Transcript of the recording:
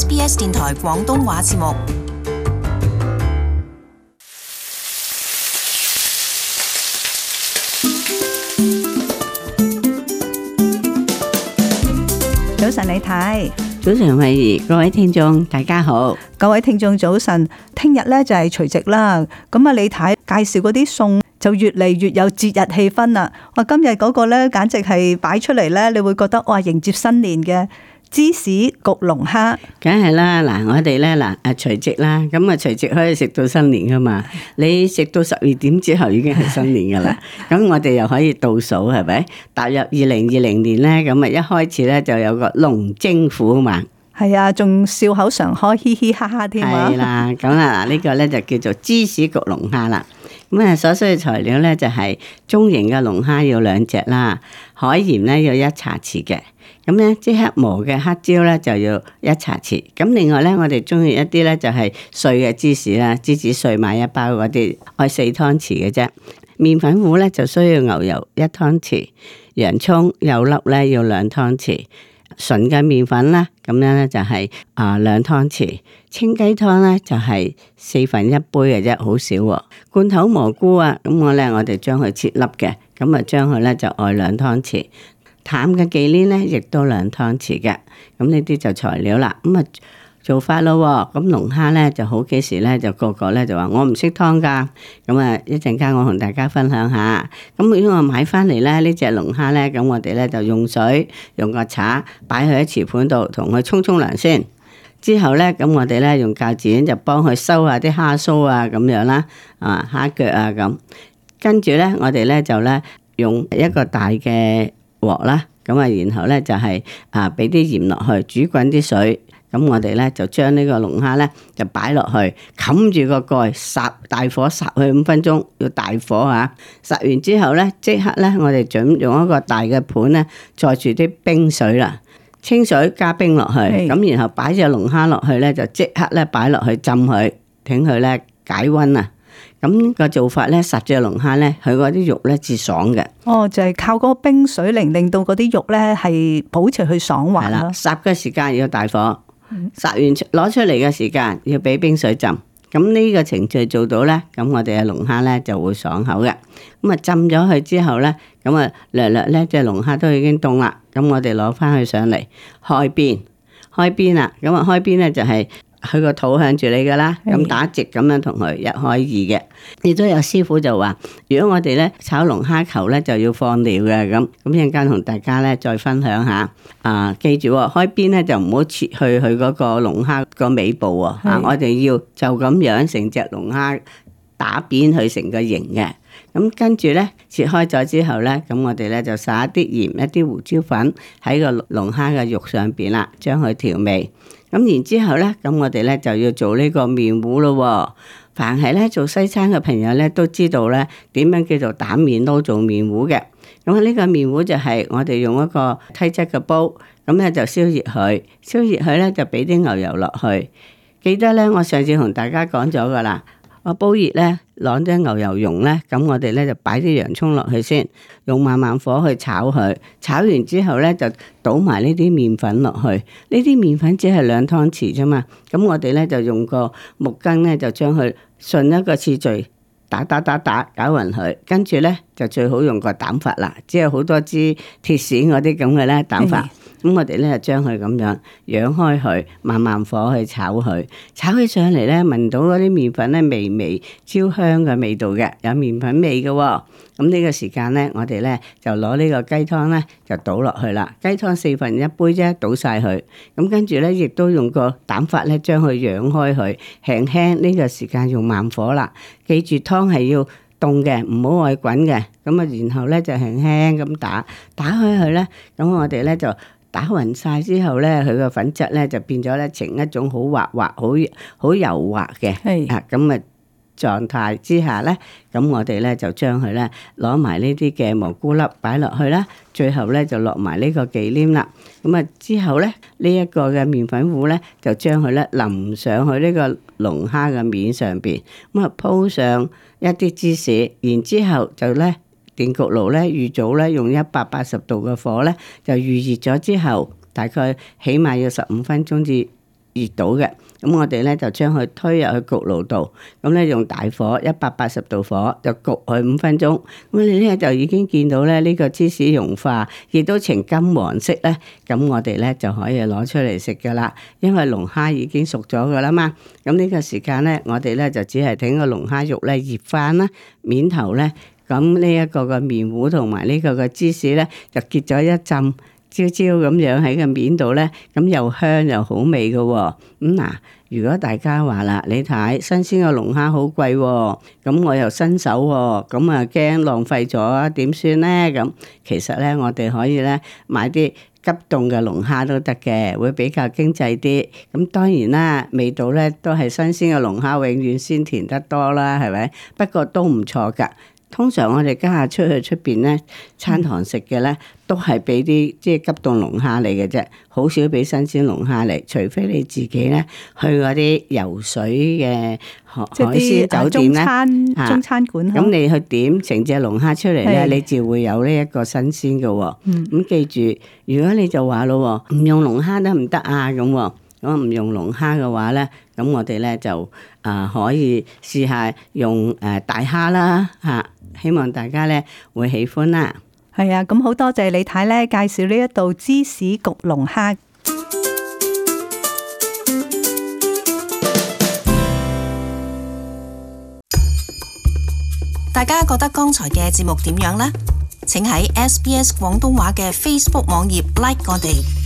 SBS 電台廣東話節目。早晨，李太。早晨，慧兒，各位聽眾，大家好。各位聽眾，早晨。聽日咧就係除夕啦。咁啊，李太介紹嗰啲餸，就越嚟越有節日氣氛啦。哇，今日嗰個咧，簡直係擺出嚟咧，你會覺得哇，迎接新年嘅。芝士焗龍蝦，梗係啦嗱，我哋咧嗱啊除夕啦，咁啊除夕可以食到新年噶嘛？你食到十二點之後已經係新年噶啦，咁 我哋又可以倒數係咪？踏入二零二零年咧，咁啊一開始咧就有個龍精虎猛嘛。係啊，仲笑口常開，嘻嘻哈哈添 啊！咁啊。嗱，呢個咧就叫做芝士焗龍蝦啦。咁啊，所需嘅材料咧就係中型嘅龍蝦要兩隻啦，海鹽咧要一茶匙嘅，咁咧即刻磨嘅黑椒咧就要一茶匙，咁另外咧我哋中意一啲咧就係碎嘅芝士啦，芝士碎買一包嗰啲，開四湯匙嘅啫，麵粉糊咧就需要牛油一湯匙，洋蔥有粒咧要兩湯匙。純嘅麵粉啦，咁樣咧就係啊兩湯匙，清雞湯咧就係四分一杯嘅啫，好少。罐頭蘑菇啊，咁我咧我哋將佢切粒嘅，咁啊將佢咧就愛兩湯匙，淡嘅忌廉咧亦都兩湯匙嘅，咁呢啲就材料啦，咁啊。做法咯，咁龍蝦咧就好幾時咧，就個個咧就話我唔識劏㗎。咁啊一陣間我同大家分享下。咁如果我買翻嚟咧呢隻龍蝦咧，咁我哋咧就用水用個刷擺喺瓷盤度，同佢沖沖涼先。之後咧咁我哋咧用鉸剪就幫佢收下啲蝦鬚啊，咁樣啦啊蝦腳啊咁。跟住咧我哋咧就咧用一個大嘅鑊啦，咁啊然後咧就係啊俾啲鹽落去煮滾啲水。咁我哋咧就將呢個龍蝦咧就擺落去，冚住個蓋，霎大火霎去五分鐘，要大火吓。霎完之後咧，即刻咧我哋準用一個大嘅盤咧，載住啲冰水啦，清水加冰落去，咁的然後擺隻龍蝦落去咧，就即刻咧擺落去浸佢，整佢咧解溫啊。咁，個做法咧，霎隻龍蝦咧，佢嗰啲肉咧至爽嘅。哦，就係，是，靠嗰個冰水嚟令，令到嗰啲肉咧係保持佢爽滑咯。霎嘅時間要大火。殺完攞出嚟嘅時間要俾冰水浸，咁呢個程序做到呢，咁我哋嘅龍蝦呢就會爽口嘅。咁啊浸咗佢之後呢，咁啊略略呢隻龍蝦都已經凍啦，咁我哋攞翻去上嚟開邊，開邊啦，咁啊開邊呢，開邊就係、是。佢個肚向住你噶啦，咁的打直咁樣同佢一開二嘅，亦都有師傅就話：如果我哋咧炒龍蝦球咧就要放料嘅咁。咁一陣間同大家咧再分享下。啊，記住開邊咧就唔好切去佢嗰個龍蝦個尾部的啊！我哋要就咁樣成隻龍蝦打扁佢成個形嘅。咁跟住呢，切開咗之後呢，咁我哋呢就撒啲鹽、一啲胡椒粉喺個龍蝦嘅肉上邊啦，將佢調味。咁然之後呢，咁我哋呢就要做呢個麵糊咯喎。凡係呢做西餐嘅朋友呢都知道呢點樣叫做打麵撈做麵糊嘅。咁呢個麵糊就係我哋用一個梯式嘅煲，咁呢，燒熱就燒熱佢，燒熱佢呢，就俾啲牛油落去。記得呢，我上次同大家講咗㗎喇，我煲熱呢。攞啲牛油溶咧，咁我哋咧就擺啲洋蔥落去先，用慢慢火去炒佢，炒完之後咧就倒埋呢啲麵粉落去，呢啲麵粉只係兩湯匙啫嘛，咁我哋咧就用個木羹咧就將佢順一個次序打打打打攪勻佢，跟住咧就最好用個蛋拂啦，即係好多支鐵線嗰啲咁嘅咧蛋拂。嗯咁我哋咧就將佢咁樣養開佢，慢慢火去炒佢，炒起上嚟咧聞到嗰啲麵粉咧微微焦香嘅味道嘅，有麵粉味嘅喎。咁呢個時間咧，我哋咧就攞呢個雞湯咧就倒落去啦。雞湯四分一杯啫，倒晒佢。咁跟住咧，亦都用個蛋法咧將佢養開佢，輕輕呢個時間用慢火啦。記住湯係要凍嘅，唔好愛滾嘅。咁啊，然後咧就輕輕咁打打開佢咧。咁我哋咧就。打勻晒之後咧，佢個粉質咧就變咗咧呈一種好滑滑、好好柔滑嘅，是啊咁啊狀態之下咧，咁我哋咧就將佢咧攞埋呢啲嘅蘑菇粒擺落去啦，最後咧就落埋呢個忌廉啦，咁啊之後咧呢一個嘅麵粉糊咧就將佢咧淋上去呢個龍蝦嘅面上邊，咁啊鋪上一啲芝士，然之後就咧。電焗爐咧，預早咧用一百八十度嘅火咧，就預熱咗之後，大概起碼要十五分鐘至熱到嘅。咁我哋咧就將佢推入去焗爐度，咁咧用大火一百八十度火就焗佢五分鐘。咁你咧就已經見到咧呢個芝士融化，亦都呈金黃色咧。咁我哋咧就可以攞出嚟食㗎喇。因為龍蝦已經熟咗㗎喇嘛。咁呢個時間咧，我哋咧就只係等個龍蝦肉咧熱返啦，面頭咧。咁呢一個嘅麵糊同埋呢個嘅芝士呢，就結咗一浸焦焦咁樣喺個面度呢，咁又香又好味嘅喎、哦。咁、嗯、嗱，如果大家話啦，你睇新鮮嘅龍蝦好貴、哦，咁我又新手、哦，咁啊驚浪費咗點算呢？咁其實呢，我哋可以咧買啲急凍嘅龍蝦都得嘅，會比較經濟啲。咁當然啦，味道呢都係新鮮嘅龍蝦永遠鮮甜得多啦，係咪？不過都唔錯㗎。通常我哋家下出去出邊咧，餐堂食嘅咧，都係俾啲即係急凍龍蝦嚟嘅啫，好少俾新鮮龍蝦嚟。除非你自己咧去嗰啲游水嘅海海鮮酒店咧，啊，中餐館。咁、啊、你去點成隻龍蝦出嚟咧，是你就會有呢一個新鮮嘅、哦。嗯，咁記住，如果你就話咯，唔用龍蝦都唔得啊，咁、哦。如果唔用龍蝦嘅話呢，咁我哋呢就，啊可以試下用誒大蝦啦嚇，希望大家呢會喜歡啦。係啊，咁好多謝李太呢介紹呢一道芝士焗龍蝦。大家覺得剛才嘅節目點樣呢？請喺 SBS 廣東話嘅 Facebook 網頁 like 我哋。